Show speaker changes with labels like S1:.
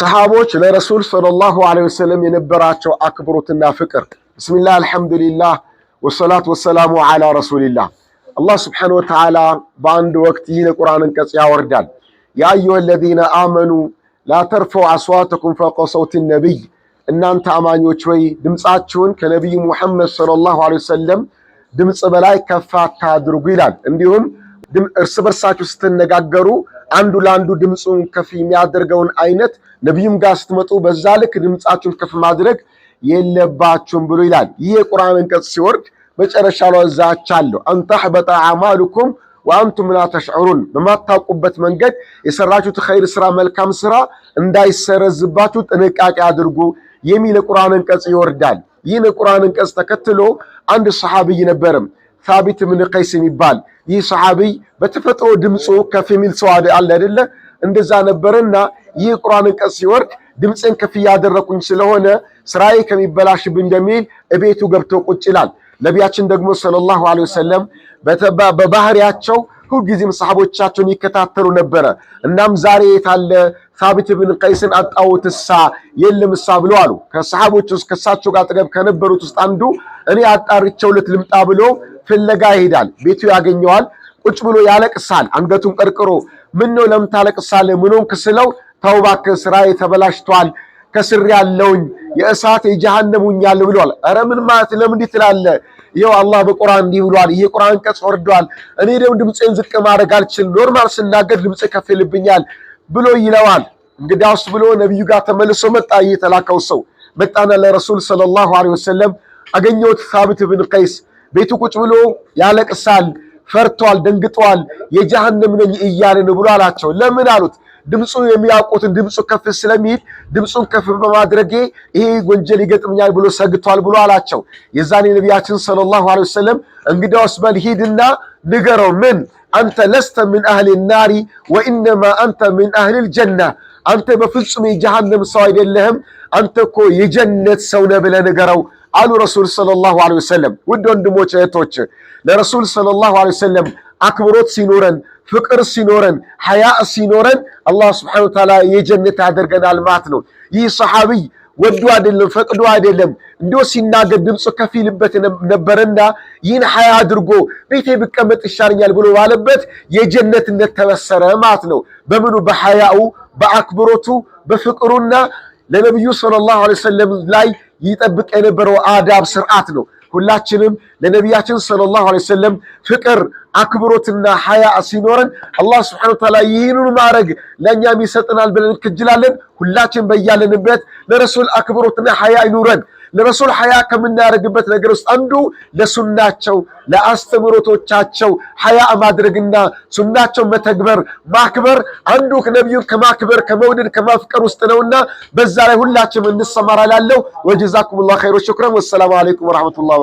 S1: ሰሃቦች ለረሱል ሰለላሁ ዐለይሂ ወሰለም የነበራቸው አክብሮትና ፍቅር። ብስሚላህ አልሐምዱሊላህ ወሰላት ወሰላሙ ዐላ ረሱሊላህ። አላህ ስብሓነሁ ወተዓላ በአንድ ወቅት ይህን የቁርአን አንቀጽ ያወርዳል። ያ አዩሀ ለዚነ አመኑ ላ ተርፈዑ አስዋተኩም ፈውቀ ሰውቲ ነቢይ፣ እናንተ አማኞች ወይ ድምፃችሁን ከነቢዩ ሙሐመድ ሰለላሁ ዐለይሂ ወሰለም ድምፅ በላይ ከፍ አታድርጉ ይላል። እንዲሁም እርስ በርሳችሁ ስትነጋገሩ አንዱ ለአንዱ ድምፁን ከፍ የሚያደርገውን አይነት ነቢዩም ጋር ስትመጡ በዛ ልክ ድምፃችሁን ከፍ ማድረግ የለባችሁም ብሎ ይላል። ይህ የቁርአን አንቀጽ ሲወርድ መጨረሻ ላይ እዛቻለሁ አን ተሕበጠ አማልኩም ወአንቱም ላ ተሽዑሩን፣ በማታውቁበት መንገድ የሰራችሁት ኸይር ስራ መልካም ስራ እንዳይሰረዝባችሁ ጥንቃቄ አድርጉ የሚል የቁርአን አንቀጽ ይወርዳል። ይህን የቁርአን አንቀጽ ተከትሎ አንድ ሰሐቢይ ነበርም ሳቢት ምን ቀይስ የሚባል ይህ ሰሐቢይ በተፈጥሮ ድምፁ ከፍ የሚል ሰው አለ አይደለ? እንደዛ ነበረና ይህ ቁርአን አንቀጽ ሲወርድ ድምፅን ከፍ እያደረኩኝ ስለሆነ ስራዬ ከሚበላሽብ በሚል እቤቱ ገብቶ ቁጭ ይላል። ነቢያችን ደግሞ ሰለላሁ ዐለይሂ ወሰለም በባህሪያቸው ሁልጊዜም ሰሐቦቻቸውን ይከታተሉ ነበረ። እናም ዛሬ የታለ ሳቢት ብን ቀይስን አጣሁት እሳ የለም እሳ ብሎ አሉ። ከሰሐቦች ውስጥ ከእሳቸው ጋር አጠገብ ከነበሩት ውስጥ አንዱ እኔ አጣርቸውለት ልምጣ ብሎ ፍለጋ ይሄዳል። ቤቱ ያገኘዋል። ቁጭ ብሎ ያለቅሳል። አንገቱን ቀርቅሮ ምን ነው ለምን ታለቅሳለህ? ምን ሆንክ ስለው ተው እባክህ ስራዬ ተበላሽቷል፣ ከስር ያለውኝ የእሳት የጀሃነም ሆኛለሁ ብሏል። ኧረ ምን ማለት ለምን ትላለ ትላለህ? አላህ በቁርአን እንዲህ ብሏል። ይሄ ቁርአን አንቀጽ ወርዷል። እኔ ደግሞ ድምፄን ዝቅ ማድረግ አልችልም። ኖርማል ስናገር ድምፄ ከፍ ይልብኛል ብሎ ይለዋል። እንግዳውስ ብሎ ነቢዩ ጋር ተመልሶ መጣ። እየተላከው ሰው መጣና ለረሱል ሰለላሁ ዐለይሂ ወሰለም አገኘሁት ሳቢት ብን ቀይስ ቤቱ ቁጭ ብሎ ያለቅሳል፣ ፈርቷል፣ ደንግጧል፣ የጀሃነም ነኝ እያለ ነው ብሎ አላቸው። ለምን አሉት? ድምፁ የሚያውቁትን ድምፁ ከፍ ስለሚል ድምፁን ከፍ በማድረጌ ይሄ ወንጀል ይገጥምኛል ብሎ ሰግቷል ብሎ አላቸው። የዛኔ ነቢያችን ሰለላሁ ዐለይሂ ወሰለም እንግዳውስ በል ሂድና ንገረው ምን አንተ ለስተ ምን አህል ናሪ ወኢነማ አንተ ምን አህል ልጀና አንተ በፍጹም የጀሃነም ሰው አይደለህም፣ አንተ እኮ የጀነት ሰው ነህ ብለህ ንገረው አሉ ረሱል ሰለላሁ ዐለይሂ ወሰለም። ውድ ወንድሞች እህቶች፣ ለረሱል ሰለላሁ ዐለይሂ ወሰለም አክብሮት ሲኖረን ፍቅር ሲኖረን ሐያ ሲኖረን አላህ ስብሐነሁ ወተዓላ የጀነት ያደርገናል ማለት ነው። ይህ ሰሐቢይ ወዶ አይደለም ፈቅዶ አይደለም እንዲ ሲናገር ድምፁ ከፊልበት ነበረና ይህን ሐያ አድርጎ ቤቴ ብቀመጥ ይሻለኛል ብሎ ባለበት የጀነትነት ተበሰረ ማለት ነው። በምኑ በሐያው በአክብሮቱ በፍቅሩና ለነቢዩ ሰለላሁ ዐለይሂ ወሰለም ላይ ይጠብቅ የነበረው አዳብ ስርዓት ነው። ሁላችንም ለነቢያችን ሰለላሁ ዐለይሂ ወሰለም ፍቅር፣ አክብሮትና ሀያ ሲኖረን አላህ ስብሐነሁ ወተዓላ ይህንን ማድረግ ለእኛም ይሰጥናል ብለን እንክጅላለን። ሁላችን በያለንበት ለረሱል አክብሮትና ሀያ ይኑረን። ለረሱል ሀያ ከምናደርግበት ነገር ውስጥ አንዱ ለሱናቸው ለአስተምሮቶቻቸው ሀያ ማድረግና ሱናቸው መተግበር ማክበር አንዱ ነቢዩን ከማክበር ከመውደድ ከማፍቀር ውስጥ ነውና በዛ ላይ ሁላችንም እንሰማራላለው። ወጀዛኩም ላ ኸይሮ ሽኩረን። ወሰላሙ አለይኩም ወረሕመቱላህ